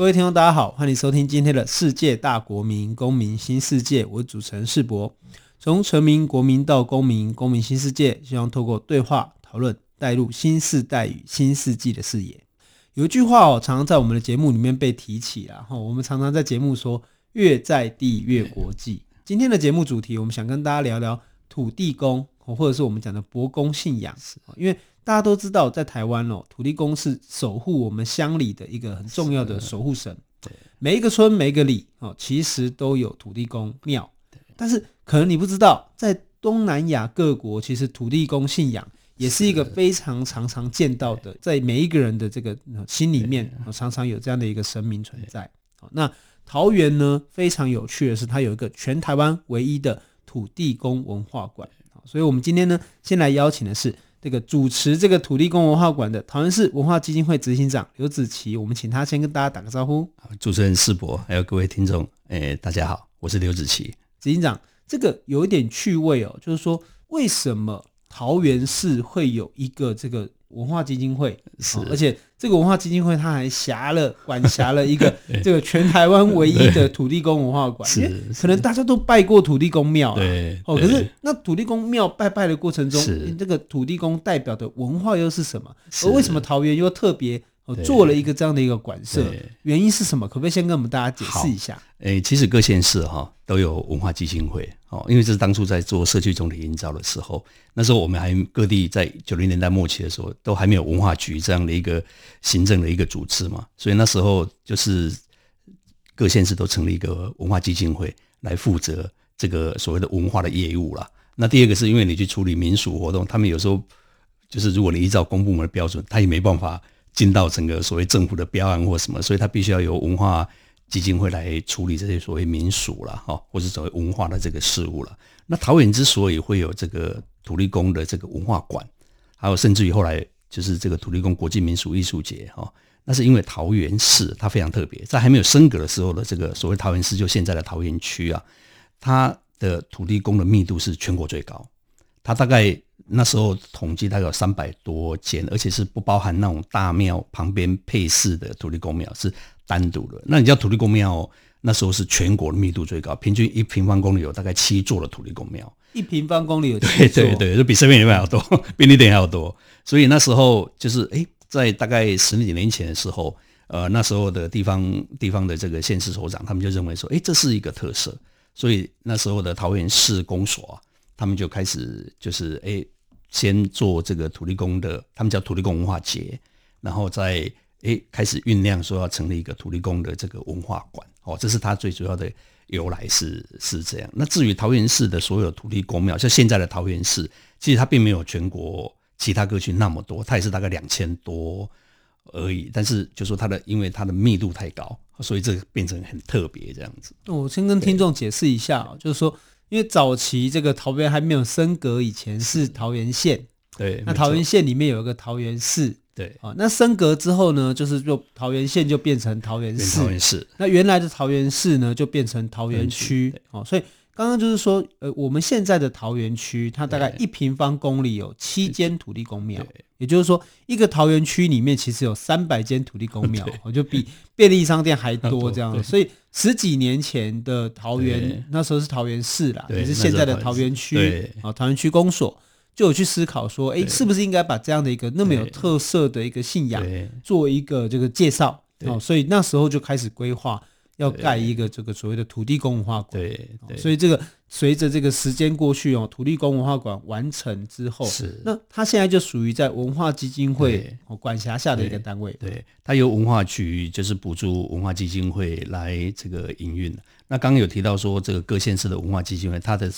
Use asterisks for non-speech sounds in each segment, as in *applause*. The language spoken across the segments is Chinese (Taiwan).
各位聽眾，大家好，歡迎收聽今天的世界大國民公民新世界，我是主持人士博。從臣民、國民到公民，公民新世界，希望透過對話討論，帶入新世代與新世紀的視野。有一句話哦，常常在我們的節目裡面被提起，然後我們常常在節目說，越在地越國際。今天的節目主題，我們想跟大家聊聊土地公，或者是我們講的伯公信仰，因為。大家都知道，在台灣哦，土地公是守護我們鄉里的一個很重要的守護神。每一個村、每一個里哦，其實都有土地公廟。對但是可能你不知道，在東南亞各國，其實土地公信仰也是一個非常常常見到的，的在每一個人的這個心裡面，對常常有這樣的一個神明存在。對那桃園呢，非常有趣的是，它有一個全台灣唯一的土地公文化館。對所以我們今天呢，先來邀請的是。這個主持這個土地公文化館的桃園市文化基金會執行長劉子琦，我們請他先跟大家打個招呼。好，主持人士博，還有各位聽眾，哎、呃，大家好，我是劉子琦，執行長。這個有一點趣味哦，就是說，為什麼桃園市會有一個這個。文化基金會是、哦，而且這個文化基金會，它還轄了管轄了一個這個全台灣唯一的土地公文化館，對可能大家都拜過土地公廟，對，哦，可是那土地公廟拜拜的過程中，欸，這個土地公代表的文化又是什麼？而為什麼桃園又特別？哦、做了一個這樣的一個館舍，對對，原因是什麼？可不可以先跟我們大家解釋一下？誒、欸，其實各縣市哈、啊、都有文化基金會哦，因為這是當初在做社區總體營造的時候，那時候我們還各地在九零年代末期的時候，都還沒有文化局這樣的一個行政的一個組織嘛，所以那時候就是各縣市都成立一個文化基金會來負責這個所謂的文化的業務了。那第二個是因為你去處理民俗活動，他們有時候就是如果你依照公部門的標準，他也沒辦法。進到整個所謂政府的標案或什麼，所以它必須要由文化基金會來處理這些所謂民俗了哈，或是所謂文化的這個事務啦。那桃園之所以會有這個土地公的這個文化館，還有甚至於後來就是這個土地公國際民俗藝術節哈、哦，那是因為桃園市它非常特別，在還沒有升格的時候的這個所謂桃園市，就現在的桃園區啊，它的土地公的密度是全國最高，它大概。那時候統計大概有三百多間，而且是不包含那種大廟旁邊配祀的土地公廟，是單獨的。那你叫土地公廟，那時候是全國的密度最高，平均一平方公里有大概七座的土地公廟。一平方公里有對對對，就比寺廟裡面還要多，比便利店還要多。所以那時候就是哎、欸，在大概十幾年前的時候，呃，那時候的地方地方的這個縣市首長，他們就認為說，哎、欸，這是一個特色，所以那時候的桃園市公所、啊、他們就開始就是哎。欸先做這個土地公的，他們叫土地公文化節，然後再哎、欸、開始醞釀說要成立一個土地公的這個文化館，哦，這是它最主要的由來是是這樣。那至於桃園市的所有土地公廟，像現在的桃園市，其實它並沒有全國其他各區那麼多，它也是大概兩千多而已。但是就是說它的，因為它的密度太高，所以這個變成很特別這樣子、哦。我先跟聽眾解釋一下就是說。因為早期這個桃園還沒有升格以前是桃園縣，對，那桃園縣裡面有一個桃園市，對，啊，那升格之後呢，就是就桃園縣就變成桃園市，原桃園市那原來的桃園市呢就變成桃園區，哦、嗯嗯啊，所以。剛剛就是說，呃，我們現在的桃園區，它大概一平方公里有七間土地公廟，也就是說，一個桃園區裡面其實有三百間土地公廟對、哦，就比便利商店還多這樣。所以十幾年前的桃園，對那時候是桃園市啦，也對是現在的桃園區對啊。桃園區公所就有去思考說，哎，對是不是應該把這樣的一個那麼有特色的一個信仰對做一個這個介紹？對哦，所以那時候就開始規劃。要蓋一個這個所謂的土地公文化館，對，所以這個隨着這個時間過去哦，土地公文化館完成之後，是那它現在就屬於在文化基金會管轄下的一個單位，對，對，它由文化局就是補助文化基金會來這個營運，那剛剛有提到說，這個各縣市的文化基金會，它的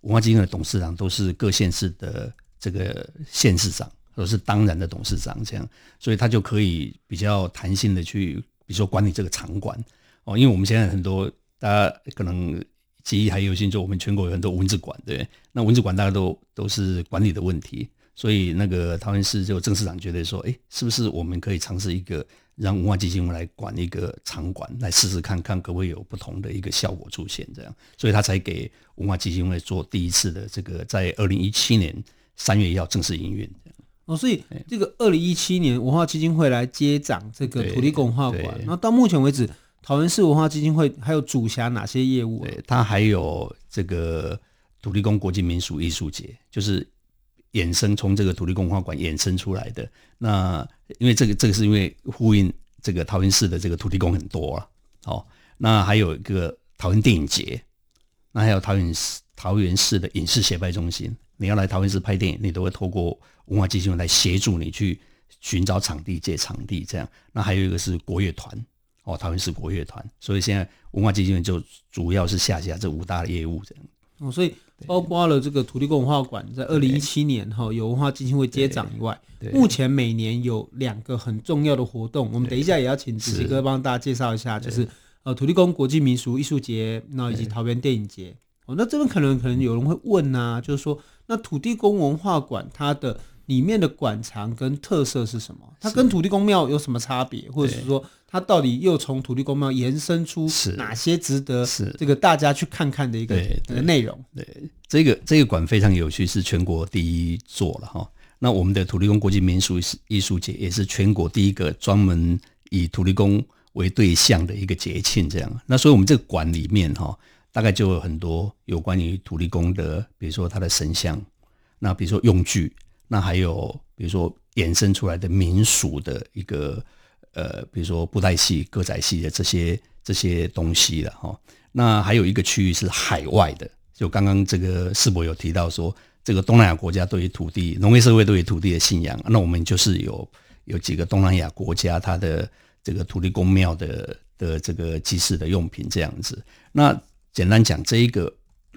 文化基金會的董事長都是各縣市的這個縣市長，都是當然的董事長這樣，所以他就可以比較彈性的去，比如說管理這個場館。哦，因為我們現在很多大家可能記憶還有些，就我們全國有很多文字館，對，那文字館大家都都是管理的問題，所以那個桃園市就鄭市長覺得說，哎、欸，是不是我們可以嘗試一個讓文化基金會來管一個場館，來試試看看可不可以有不同的一個效果出現，這樣，所以他才給文化基金會做第一次的這個，在二零一七年三月一號正式營運哦，所以這個二零一七年文化基金會來接掌這個土地公文化館，然後到目前為止。桃園市文化基金會還有主轄哪些業務、啊？它還有這個土地公國際民俗藝術節，就是衍生從這個土地公文化館衍生出來的。那因為這個，這個是因為呼應這個桃園市的這個土地公很多啊。好、哦，那還有一個桃園電影節，那還有桃園市桃園市的影視協拍中心。你要來桃園市拍電影，你都會透過文化基金會來協助你去尋找場地、借場地這樣。那還有一個是國樂團。哦，桃園市國樂團，所以現在文化基金會就主要是下轄這五大的業務這樣。哦，所以包括了這個土地公文化館，在二零一七年哈有文化基金會接掌以外，目前每年有兩個很重要的活動，我們等一下也要請子琦哥幫大家介紹一下，是就是呃土地公國際民俗藝術節，那以及桃園電影節。對哦，那這邊可能可能有人會問啊，嗯、就是說，那土地公文化館它的。裡面的館藏跟特色是什麼？它跟土地公廟有什麼差別，或者是說它到底又從土地公廟延伸出哪些值得是這個大家去看看的一個內容對對？對，這個這個館非常有趣，是全國第一座了哈。那我們的土地公國際民俗藝術節也是全國第一個專門以土地公為對象的一個節慶，這樣。那所以我們這個館裡面哈，大概就有很多有關於土地公的，比如說他的神像，那比如說用具。那還有比如說衍生出來的民俗的一個，呃，比如說布袋戲、歌仔戲的這些這些東西了哈。那還有一個區域是海外的，就剛剛這個士博有提到說，這個東南亞國家對於土地、農業社會對於土地的信仰，那我們就是有有幾個東南亞國家它的這個土地公廟的的這個祭祀的用品這樣子。那簡單講，這一個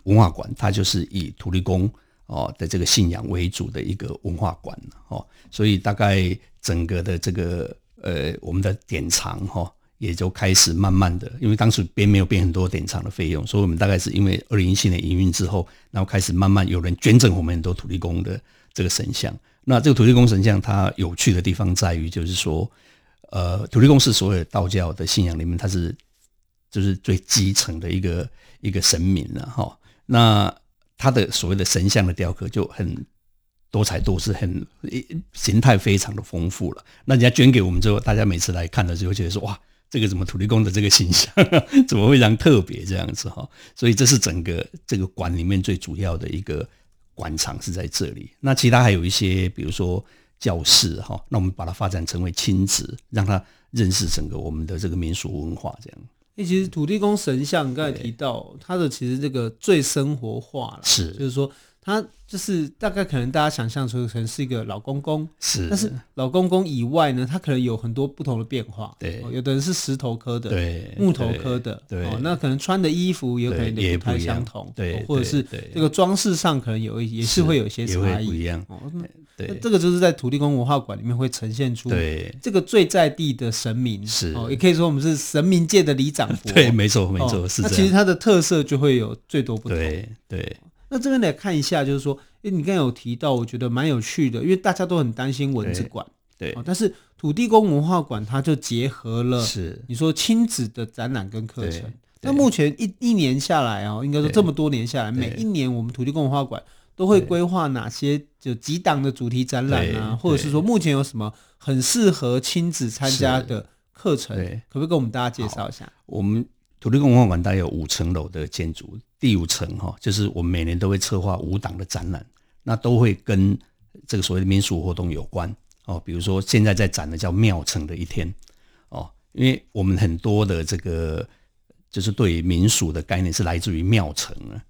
文化館它就是以土地公。哦的這個信仰為主的一個文化館，哦，所以大概整個的這個呃，我們的典藏也就開始慢慢的，因為當時編，沒有編很多典藏的費用，所以我們大概是因為二零一七年營運之後，然後開始慢慢有人捐贈我們很多土地公的這個神像。那這個土地公神像它有趣的地方在於，就是說，呃，土地公是所有道教的信仰裡面，它是就是最基層的一個一個神明了哈。那他的所謂的神像的雕刻就很多彩多姿，是很形態非常的豐富了。那人家捐給我們之後，大家每次來看的時候，覺得說哇，這個怎麼土地公的這個形象 *laughs* 怎麼非常特別這樣子哈？所以這是整個這個館裡面最主要的一個館藏是在這裡。那其他還有一些，比如說教室哈，那我們把它發展成為親子，讓他認識整個我們的這個民俗文化這樣。那其實土地公神像，你剛才提到，他對的其實這個最生活化了，是，就是說。他就是大概可能大家想象出可能是一個老公公，是，但是老公公以外呢，他可能有很多不同的變化。對，有的人是石頭刻的，對，木頭刻的，對，那可能穿的衣服也可能也不太相同，對，或者是這個裝飾上可能有也是會有一些差異不一樣。這個就是在土地公文化館裡面會呈現出，對，這個最在地的神明是，哦，也可以說我們是神明界的里長伯。對，沒錯沒錯，是。那其實它的特色就會有最多不同，對。那這邊來看一下，就是說，因、欸、你剛才有提到，我覺得蠻有趣的，因為大家都很擔心蚊子館，對、哦，但是土地公文化館它就結合了，是你說親子的展覽跟課程。那目前一一年下來哦，應該說這麼多年下來，對每一年我們土地公文化館都會規劃哪些就幾檔的主題展覽啊，或者是說目前有什麼很適合親子參加的課程，可不可以跟我們大家介紹一下？我們土地公文化館大概有五層樓的建築。第五層哈，就是我們每年都會策劃五檔的展覽，那都會跟這個所謂的民俗活動有關哦。比如說現在在展的叫“廟埕的一天”哦，因為我們很多的這個就是對於民俗的概念是來自於廟埕啊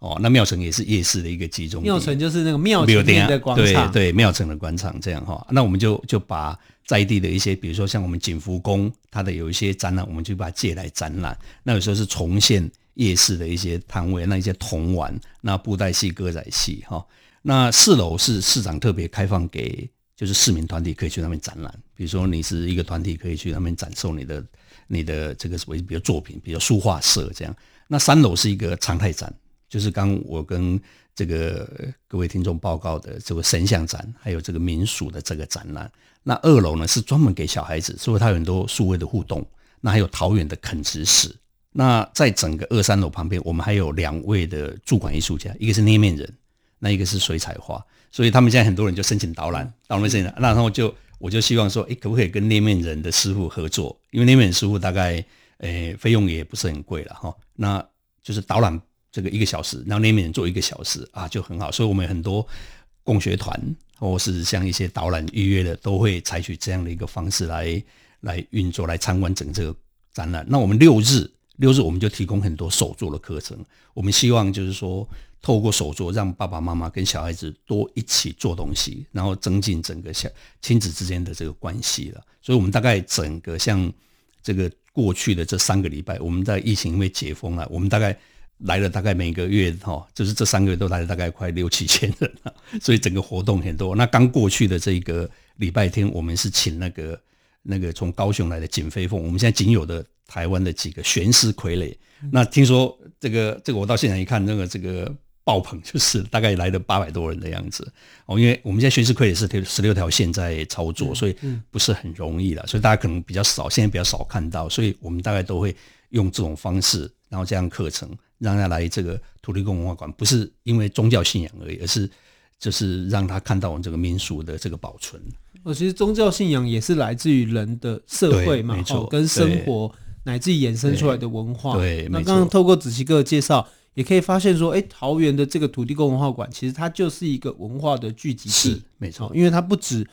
哦。那廟埕也是夜市的一個集中地，廟埕就是那個廟前面的廣場，對對，廟埕的廣場這樣哈。那我們就就把在地的一些，比如說像我們景福宮，它的有一些展覽，我們就把它借來展覽。那有時候是重現。夜市的一些攤位，那一些童玩，那布袋戲、歌仔戲，哈，那四樓是市長特別開放給，就是市民團體可以去那邊展覽。比如說你是一個團體，可以去那邊展售你的、你的這個什麼，比如作品，比如書畫社這樣。那三樓是一個常態展，就是剛我跟這個各位聽眾報告的這個神像展，還有這個民俗的這個展覽。那二樓呢是專門給小孩子，所以它有很多數位的互動，那還有桃園的墾殖史。那在整個二三樓旁邊，我們還有兩位的駐館藝術家，一個是捏面人，那一個是水彩畫，所以他們現在很多人就申請導覽，導覽誰，那然後我就我就希望說，哎、欸，可不可以跟捏面人的師傅合作？因為捏面人師傅大概，誒、欸，費用也不是很貴啦，齁。那就是導覽這個一個小時，然後捏面人做一個小時啊，就很好。所以我們很多共學團，或是像一些導覽預約的，都會採取這樣的一個方式來來運作，來參觀整個這個展覽。那我們六日。六日，我們就提供很多手作的課程。我們希望就是說，透過手作，讓爸爸媽媽跟小孩子多一起做東西，然後增進整個像親子之間的這個關係了。所以，我們大概整個像這個過去的這三個禮拜，我們在疫情因為解封了，我們大概來了大概每個月哈，就是這三個月都來了大概快六七千人了。所以，整個活動很多。那剛過去的這個禮拜天，我們是請那個那個從高雄來的錦飛鳳，我們現在僅有的台灣的幾個懸絲傀儡，那聽說這個這個我到現場一看，那個這個爆棚，就是大概來了八百多人的樣子。哦，因為我們現在懸絲傀儡是十六條線在操作，所以不是很容易了，所以大家可能比較少，現在比較少看到，所以我們大概都會用這種方式，然後這樣課程讓他來這個土地公文化館，不是因為宗教信仰而已，而是就是讓他看到我們這個民俗的這個保存。我、哦、其實宗教信仰也是來自於人的社會嘛，沒錯、哦，跟生活。乃至衍生出來的文化，對。那剛剛透過子琦哥的介紹，也可以發現說，欸，桃園的這個土地公文化館，其實它就是一個文化的聚集地，是沒錯。因為它不止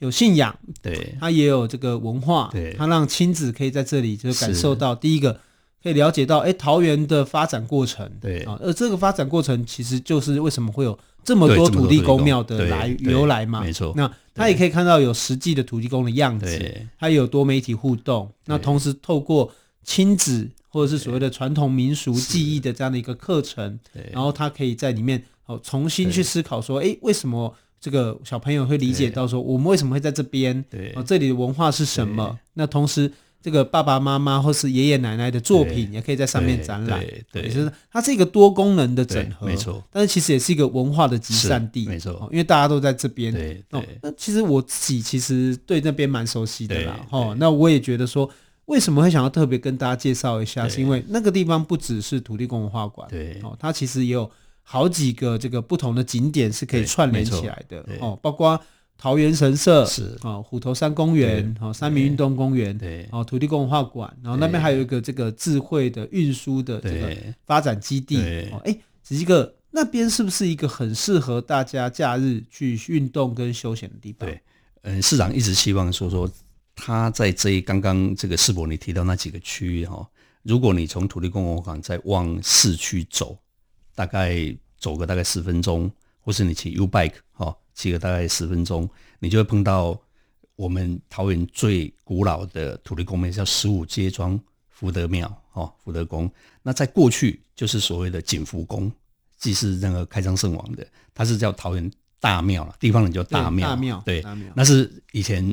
有信仰，對，它也有這個文化，對。它讓親子可以在這裡，就是感受到第一個，可以了解到，欸，桃園的發展過程，對啊。而這個發展過程，其實就是為什麼會有這麼多土地公廟的來由來嘛，沒錯。那對他也可以看到有實際的土地公的樣子，他對有多媒體互動。對那同時透過親子或者是所謂的傳統民俗技藝的這樣的一個課程，對然後他可以在裡面哦重新去思考說，對誒，為什麼這個小朋友會理解到說我們為什麼會在這邊？對，這裡的文化是什麼？對那同時。這個爸爸媽媽或是爺爺奶奶的作品，也可以在上面展覽。對，對對也是它是一個多功能的整合，但是其實也是一個文化的集散地，沒錯。因為大家都在這邊、哦。那其實我自己其實對那邊蠻熟悉的啦。哦、那我也覺得說，為什麼會想要特別跟大家介紹一下，是對因為那個地方不只是土地公文化館對、哦。它其實也有好幾個這個不同的景點是可以串聯起來的。哦，包括。桃園神社是，哦、虎頭山公園啊對、哦，三民運動公園對，哦、土地公文化館，對然後那邊還有一個這個智慧的運輸的這個發展基地哎，子、哦、琦哥那邊是不是一個很適合大家假日去運動跟休閒的地方？對，嗯、呃，市長一直希望說說他在這剛剛這個世博你提到那幾個區域哈、哦，如果你從土地公文化館再往市區走，大概走個大概十分鐘，或是你騎 U bike 哈、哦。騎個大概十分鐘，你就會碰到我們桃園最古老的土地公廟，叫十五街莊福德廟，哦，福德宮。那在過去就是所謂的景福宮，既是那個開漳聖王的，它是叫桃園大廟了，地方人叫大廟。大廟，對，廟那是以前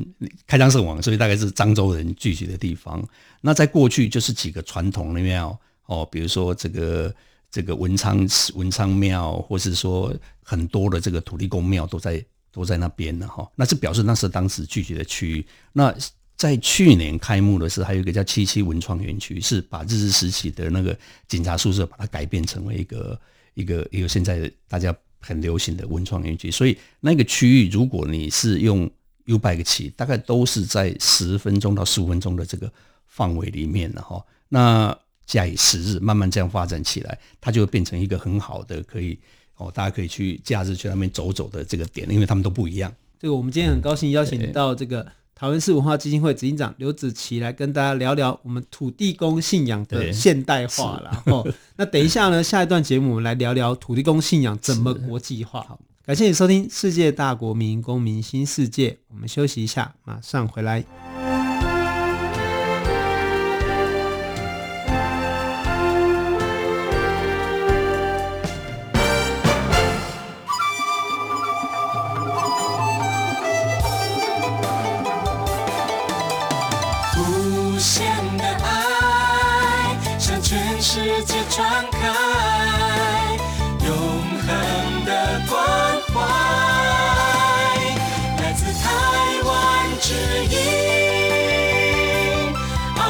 開漳聖王，所以大概是漳州人聚集的地方。那在過去就是幾個傳統的廟，哦，比如說這個。這個文昌文昌廟，或是說很多的這個土地公廟，都在都在那邊呢哈。那這表示那是當時聚集的區域。那在去年開幕的時候，還有一個叫七七文創園區，是把日治時期的那個警察宿舍，把它改變成為一個一個一個現在大家很流行的文創園區。所以那個區域，如果你是用 U-Bike 騎大概都是在十分鐘到十五分鐘的這個範圍裡面了哈。那假以時日，慢慢這樣發展起來，它就會變成一個很好的，可以哦，大家可以去假日去那邊走走的這個點，因為他們都不一樣。這個我們今天很高興邀請到這個桃園、嗯、市文化基金會執行長劉子琦來跟大家聊聊我們土地公信仰的現代化。然後哦，那等一下呢，下一段節目我們來聊聊土地公信仰怎麼國際化。是好，感謝你收聽《世界大國民公民新世界》，我們休息一下，馬上回來。無限的愛向全世界傳開，永恆的關懷來自台灣之音。RTI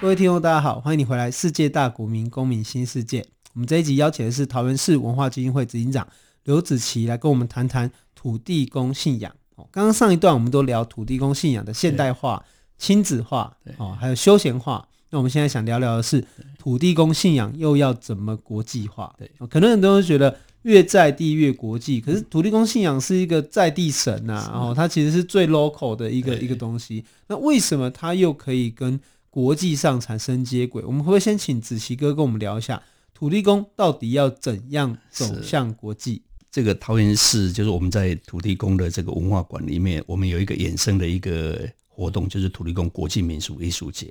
各位聽眾大家好，歡迎你回來《世界大國民公民新世界》。我們這一集邀請的是桃園市文化基金會執行長劉子琦來跟我們談談土地公信仰。剛剛上一段我們都聊土地公信仰的現代化、對親子化，對哦，還有休閒化。那我們現在想聊聊的是對土地公信仰又要怎麼國際化？對，可能很多人都會覺得越在地越國際，可是土地公信仰是一個在地神吶、啊，然後、嗯哦、它其實是最 local 的一個對一個東西。那為什麼它又可以跟國際上產生接軌？對我們會不會先請子琦哥跟我們聊一下土地公到底要怎樣走向國際？這個桃園市就是我們在土地公的這個文化館裡面，我們有一個衍生的一個活動，就是土地公國際民俗藝術節。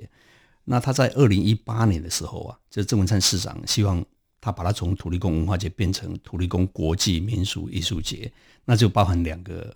那他在二零一八年的時候啊，就鄭文燦市長希望他把它從土地公文化節變成土地公國際民俗藝術節，那就包含兩個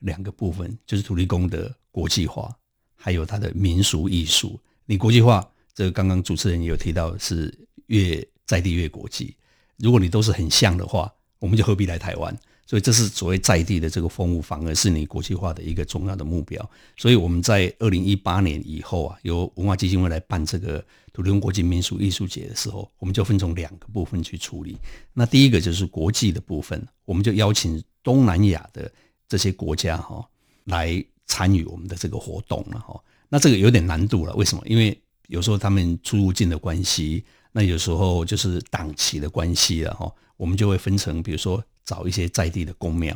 兩個部分，就是土地公的國際化，還有它的民俗藝術。你國際化，這個剛剛主持人也有提到，是越在地越國際。如果你都是很像的話。我們就何必來台灣？所以這是所謂在地的這個風物，反而是你國際化的一個重要的目標。所以我們在二零一八年以後啊，由文化基金會來辦這個土地公國際民俗藝術節的時候，我們就分成兩個部分去處理。那第一個就是國際的部分，我們就邀請東南亞的這些國家哈來參與我們的這個活動了哈。那這個有點難度了，為什麼？因為有時候他們出入境的關係。那有時候就是檔期的關係了、啊、哈，我們就會分成，比如說找一些在地的公廟，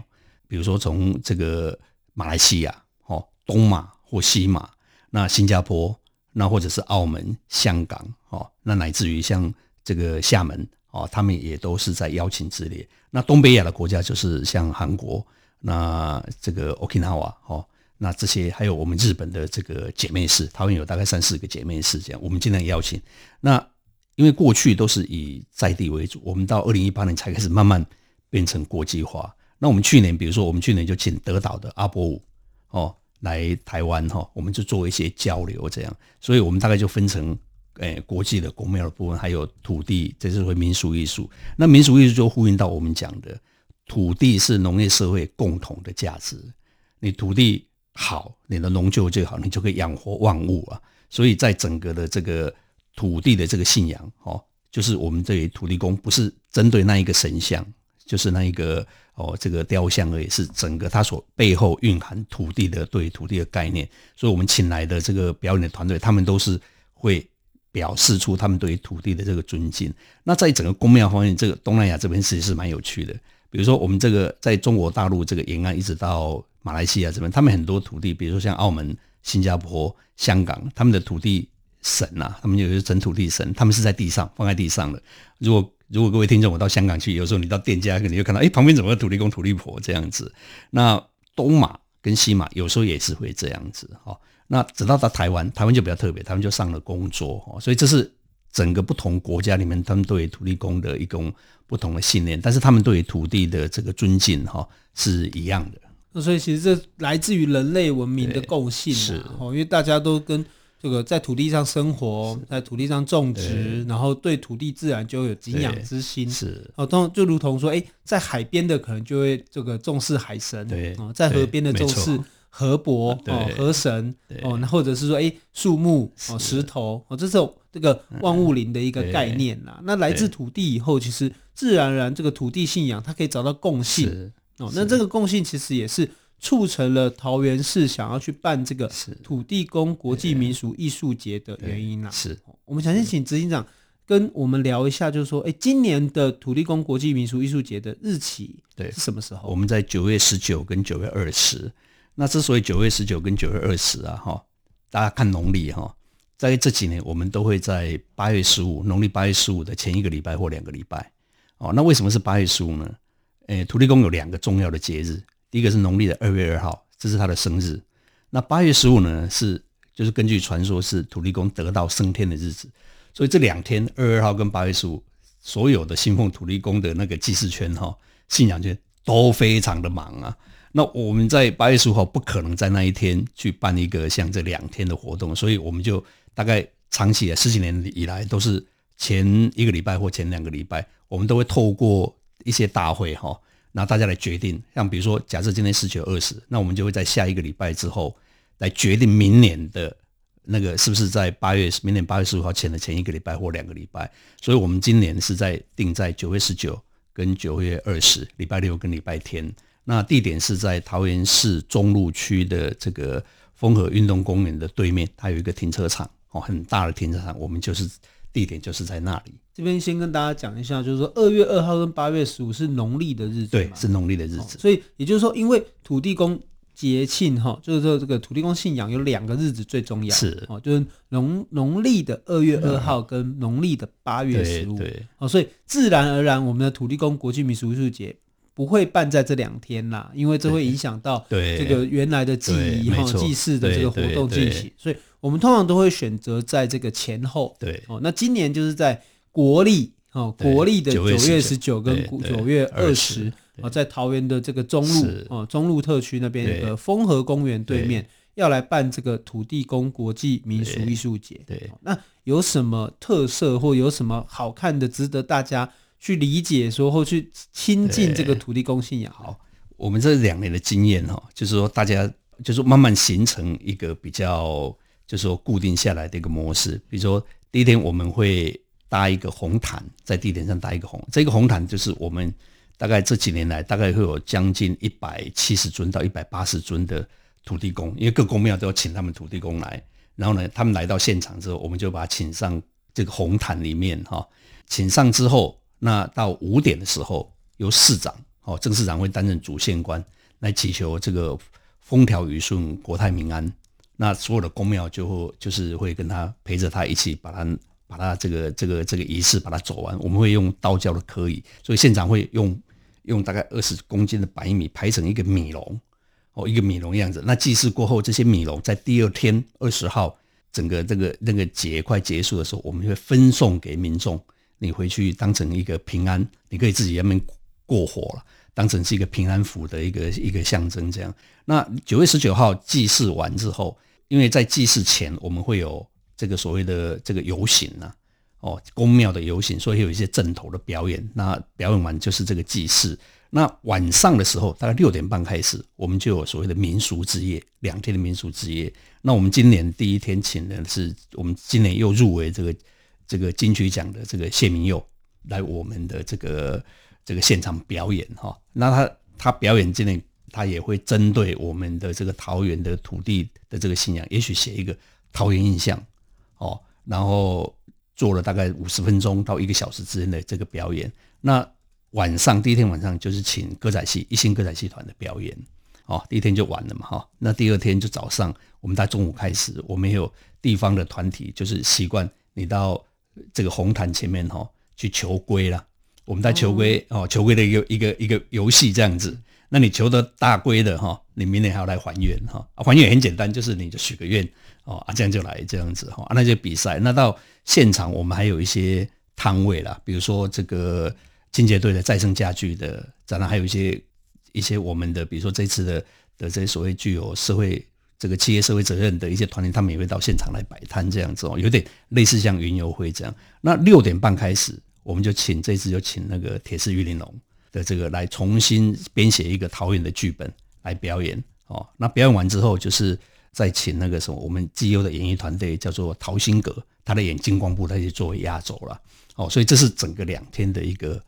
比如說從這個馬來西亞哦，東馬或西馬，那新加坡，那或者是澳門、香港哦，那乃至於像這個廈門哦，他們也都是在邀請之列。那東北亞的國家就是像韓國，那這個 Okinawa、ok、哦，那這些還有我們日本的這個姐妹市，他們有大概三四個姐妹市這樣，我們經常邀請。那因為過去都是以在地為主，我們到二零一八年才開始慢慢變成國際化。那我們去年，比如說我們去年就請德島的阿波舞哦來台灣哈、哦，我們就做一些交流這樣。所以我們大概就分成誒、哎、國際的、宮廟的部分，還有土地，這是為民俗藝術。那民俗藝術就呼應到我們講的，土地是農業社會共同的價值。你土地好，你的農就最好，你就可以養活萬物啊。所以在整個的這個。土地的這個信仰哦，就是我們對於土地公不是針對那一個神像，就是那一個哦這個雕像而已，是整個他所背後蘊含土地的對於土地的概念。所以我們請來的這個表演的團隊，他們都是會表示出他們對於土地的這個尊敬。那在整個宮廟方面，這個東南亞這邊其實是蠻有趣的。比如說我們這個在中國大陸這個沿岸一直到馬來西亞這邊，他們很多土地，比如說像澳門、新加坡、香港，他們的土地。神吶、啊，他們有些整土地神，他們是在地上放在地上的。如果如果各位聽眾我到香港去，有時候你到店家，你就看到哎、欸，旁邊怎麼有土地公土地婆這樣子？那東馬跟西馬有時候也是會這樣子哈。那直到到台灣，台灣就比較特別，他們就上了供桌。所以這是整個不同國家裡面他們對於土地公的一種不同的信念，但是他們對於土地的這個尊敬哈是一樣的。那所以其實這來自於人類文明的共性，因為大家都跟。這個在土地上生活，在土地上種植，然後對土地自然就有敬仰之心。是哦，通常就如同說，哎、欸，在海邊的可能就會這個重視海神，對哦，在河邊的重視河伯對哦，河神對哦，那或者是說，哎、欸，樹木哦，是石頭哦，這是這個萬物靈的一個概念吶。嗯、那來自土地以後，其實自然而然這個土地信仰，它可以找到共性是是哦。那這個共性其實也是。促成了桃園市想要去辦這個土地公國際民俗藝術節的原因啦、啊。是我們想先請執行長跟我們聊一下，就是說，哎，今年的土地公國際民俗藝術節的日期，對，是什麼時候？我們在九月十九跟九月二十。那之所以九月十九跟九月二十啊，哈，大家看農曆哈，在這幾年我們都會在八月十五，農曆八月十五的前一個禮拜或兩個禮拜。哦，那為什麼是八月十五呢？哎，土地公有兩個重要的節日。一個是農曆的二月二號，這是他的生日。那八月十五呢？是就是根據傳說是土地公得道升天的日子，所以這兩天二二號跟八月十五，所有的信奉土地公的那個祭祀圈哈，信仰圈都非常的忙啊。那我們在八月十五號不可能在那一天去辦一個像這兩天的活動，所以我們就大概長期的十幾年以來都是前一個禮拜或前兩個禮拜，我們都會透過一些大會哈。那大家來決定，像比如說，假設今天十九、二十，那我們就會在下一個禮拜之後來決定明年的那個是不是在八月，明年八月十五號前的前一個禮拜或兩個禮拜。所以，我們今年是在定在九月十九跟九月二十，禮拜六跟禮拜天。那地點是在桃園市中路區的這個風禾運動公園的對面，它有一個停車場，哦，很大的停車場，我們就是。地點就是在那裡。這邊先跟大家講一下，就是說二月二號跟八月十五是農曆的日子，對，是農曆的日子。所以也就是說，因為土地公節慶哈，就是說，這個土地公信仰有兩個日子最重要，是哦，就是農、農曆的二月二號跟農曆的八月十五，對哦，所以自然而然我們的土地公國際民俗藝術節。不會辦在這兩天啦，因為這會影響到這個原來的祭儀哈祭祀的這個活動進行，所以我們通常都會選擇在這個前後。對，哦，那今年就是在國曆哦國曆的九月十九跟九月二十啊，在桃園的這個中路哦中路特區那邊的個豐和公園對面要來辦這個土地公國際民俗藝術節。對，那有什麼特色或有什麼好看的值得大家？去理解說，或去親近這個土地公信仰，好，我們這兩年的經驗哈，就是說大家就是慢慢形成一個比較，就是說固定下來的一個模式。比如說第一天我們會搭一個紅毯，在地點上搭一個紅，這個紅毯就是我們大概這幾年來大概會有將近一百七十尊到一百八十尊的土地公，因為各宮廟都要請他們土地公來，然後呢，他們來到現場之後，我們就把他請上這個紅毯裡面哈，請上之後。那到五點的時候，由市長哦，鄭市長會擔任主獻官，來祈求這個風調雨順、國泰民安。那所有的宮廟就會就是會跟他陪着他一起，把他把他這個這個這個儀式把它走完。我們會用道教的科儀，所以縣長會用用大概二十公斤的白米排成一個米龍哦，一個米龍樣子。那祭祀過後，這些米龍在第二天二十號，整個這個那個節、那個、快結束的時候，我們會分送給民眾。你回去當成一個平安，你可以自己在那邊過火了，當成是一個平安符的一個一個象徵。這樣，那九月十九號祭祀完之後，因為在祭祀前我們會有這個所謂的這個遊行呢、啊，哦，宮廟的遊行，所以有一些陣頭的表演。那表演完就是這個祭祀。那晚上的時候，大概六點半開始，我們就有所謂的民俗之夜，兩天的民俗之夜。那我們今年第一天請的是我們今年又入圍這個。這個金曲獎的這個謝明佑來我們的這個這個現場表演哈，那他他表演之內他也會針對我們的這個桃園的土地的這個信仰，也許寫一個桃園印象哦，然後做了大概五十分鐘到一個小時之間的這個表演。那晚上第一天晚上就是請歌仔戲一心歌仔戲團的表演哦，第一天就完了嘛哈。那第二天就早上，我們大中午開始，我們有地方的團體就是習慣你到。這個紅毯前面哈、哦，去求龜啦。我們在求龜、嗯、哦，求龜的一個一個一個遊戲這樣子。那你求得大龜的哈、哦，你明年還要來還願哈、哦啊。還願很簡單，就是你就許個願哦、啊，這樣就來這樣子哈、哦啊。那就比賽，那到現場我們還有一些攤位啦，比如說這個清潔隊的再生家具的展覽，當然還有一些一些我們的，比如說這次的的這些所謂具有、哦、社會。這個企業社會責任的一些團體，他們也會到現場來擺攤，這樣子哦，有點類似像園遊會這樣。那六點半開始，我們就請這次就請那個鐵獅玉玲瓏的這個來重新編寫一個桃園的劇本來表演哦。那表演完之後，就是再請那個什麼我們基優的演藝團隊叫做陶新閣，他的演金光布，他就作為壓軸了哦。所以這是整個兩天的一個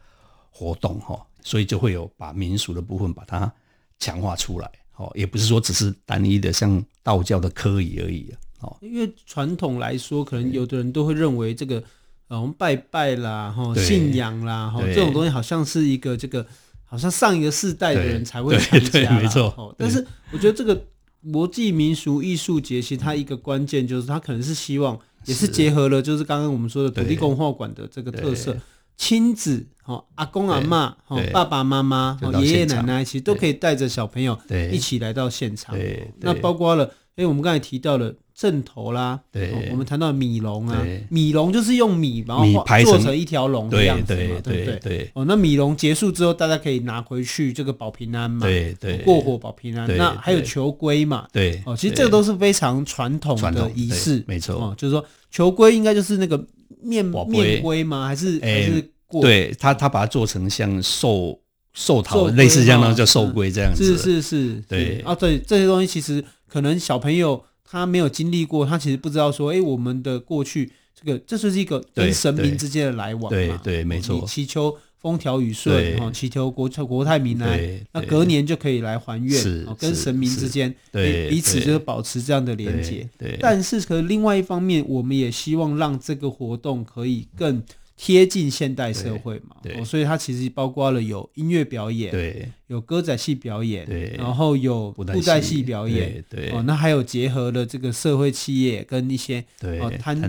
活動哈、哦，所以就會有把民俗的部分把它強化出來。哦，也不是說只是單一的像道教的科儀而已了、啊、哦，因為傳統來說，可能有的人都會認為這個，拜拜啦，對信仰啦，吼對，這種東西好像是一個這個，好像上一個世代的人才會參加啦。但是我覺得這個國際民俗藝術節其實它一個關鍵就是它可能是希望也是結合了就是剛剛我們說的土地公文化館的這個特色。親子哦，阿公阿嬤哦，爸爸媽媽，爺爺奶奶其實都可以帶着小朋友一起來到現場。那包括了，我們剛才提到了陣頭啦，我們談到米龍啊，米龍就是用米然後做成一條龍的樣子嘛，對不對？哦，那米龍結束之後，大家可以拿回去這個保平安嘛，過火保平安。那還有求龜嘛，對哦，其實這個都是非常傳統的儀式，沒錯啊，就是說求龜應該就是那個。麵麵龜嗎？還是、欸、還是過？對他，它把它做成像壽壽桃，啊、類似這樣，叫壽龜這樣子。是是、嗯、是，是是對啊，對這些東西，其實可能小朋友他沒有經歷過，他其實不知道說，哎、欸，我們的過去這個，這就是一個跟神明之間的來往。對。對對，沒錯，祈求。風調雨順對、哦、祈求國，國，國泰民安，對那隔年就可以來還願，跟神明之間，彼是對此就是保持這樣的連結。但是可，可另外一方面，我們也希望讓這個活動可以更。貼近現代社會嘛，所以它其實包括了有音樂表演，有歌仔戲表演，然後有布袋戲表演，哦，那還有結合了這個社會企業跟一些對攤攤販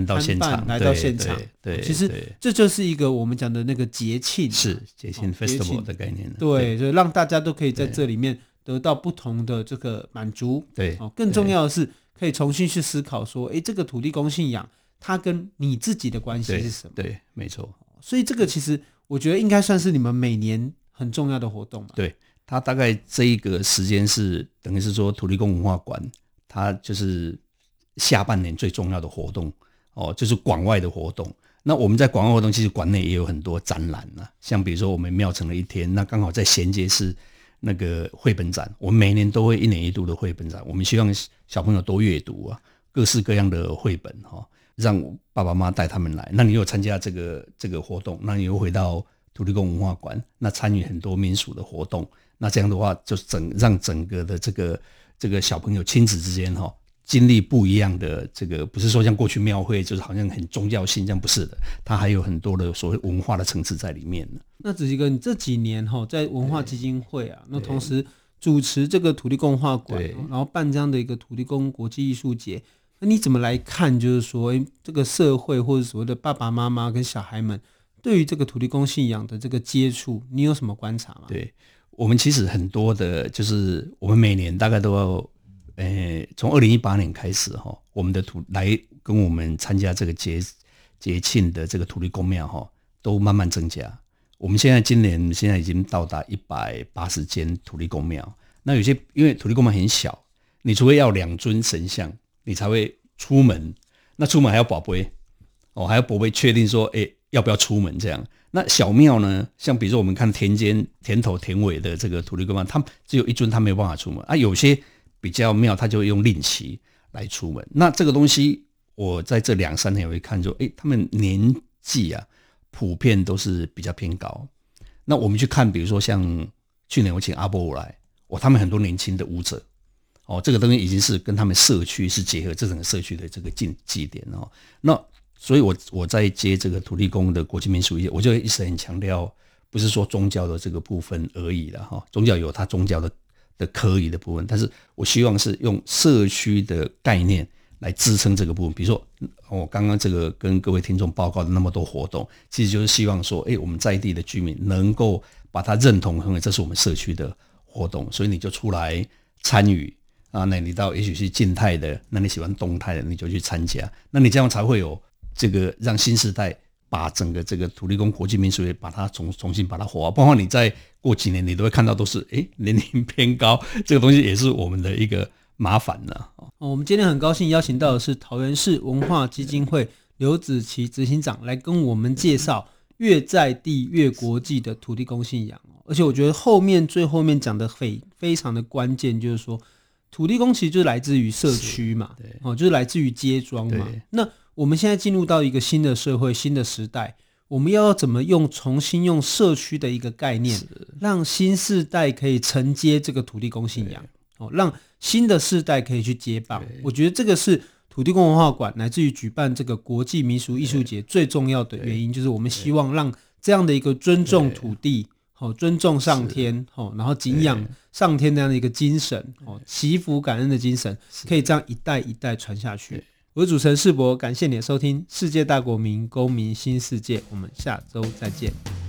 來到現場，其實這就是一個我們講的那個節慶，是節慶 festival 的概念，對，就讓大家都可以在這裡面得到不同的這個滿足，對，更重要的是可以重新去思考說，哎，這個土地公信仰。它跟你自己的關係是什麼？對，對，沒錯。所以這個其實我覺得應該算是你們每年很重要的活動嘛。對，它大概這一個時間是等於是說，土地公文化館，它就是下半年最重要的活動哦，就是館外的活動。那我們在館外活動，其實館內也有很多展覽吶、啊，像比如說我們廟埕的一天，那剛好在銜接是那個繪本展。我們每年都會一年一度的繪本展，我們希望小朋友多閱讀啊，各式各樣的繪本、啊讓我爸爸媽帶他們來，那你又參加這個這個活動，那你又回到土地公文化館，那參與很多民俗的活動，那這樣的話，就整讓整個的這個這個小朋友親子之間哈、哦，經歷不一樣的這個，不是說像過去廟會就是好像很宗教性，這樣不是的，它還有很多的所謂文化的層次在裡面。那子琦哥，你這幾年哈、哦、在文化基金會啊，對那同時主持這個土地公文化館，對然後辦這樣的一個土地公國際藝術節。那你怎麼來看，就是說，這個社會或者所謂的爸爸媽媽跟小孩們，對於這個土地公信仰的這個接觸，你有什麼觀察嗎？對，我們其實很多的，就是我們每年大概都要，呃、欸，從二零一八年開始哈，我們的土來跟我們參加這個節節慶的這個土地公廟哈，都慢慢增加。我們現在今年現在已經到達一百八十間土地公廟。那有些因為土地公廟很小，你除非要兩尊神像。你才會出門，那出門還要跋杯哦，還要跋杯確定說，誒要不要出門這樣？那小廟呢？像比如說我們看田間、田頭、田尾的這個土地公廟，他只有一尊，他沒有辦法出門啊。有些比較廟，他就用令旗來出門。那這個東西，我在這兩三年也會看說，誒他們年紀啊，普遍都是比較偏高。那我們去看，比如說像去年我請阿波舞來，哇，他們很多年輕的舞者。哦，這個東西已經是跟他們社區是結合，這整個社區的這個禁祭典哦。那所以我，我我在接這個土地公的國際民俗藝術節，我就一直很強調，不是說宗教的這個部分而已了哈、哦。宗教有它宗教的的可以的部分，但是我希望是用社區的概念來支撐這個部分。比如說，我、哦、剛剛這個跟各位聽眾報告的那麼多活動，其實就是希望說，哎，我們在地的居民能夠把它認同成為這是我們社區的活動，所以你就出來參與。啊，那你到也許是靜態的，那你喜歡動態的，你就去參加。那你這樣才會有這個讓新世代把整個這個土地公國際民俗也把它重重新把它活化，包括你再過幾年，你都會看到都是誒、欸，年齡偏高，這個東西也是我們的一個麻煩了、啊哦。我們今天很高興邀請到的是桃園市文化基金會劉子琦執行長來跟我們介紹越在地越國際的土地公信仰。而且我覺得後面最後面講的非非常的關鍵就是說。土地公其實就是來自於社區嘛，對哦，就是來自於街莊嘛。對那我們現在進入到一個新的社會、新的時代，我們要怎麼用重新用社區的一個概念，的讓新世代可以承接這個土地公信仰，對哦，讓新的世代可以去接棒。對我覺得這個是土地公文化館來自於舉辦這個國際民俗藝術節最重要的原因，對就是我們希望讓這樣的一個尊重土地，對哦，尊重上天，是哦，然後敬仰上天那樣的一個精神哦，祈福感恩的精神，可以這樣一代一代傳下去。我是主持人士博，感謝你的收聽，《世界大國民公民新世界》，我們下周再見。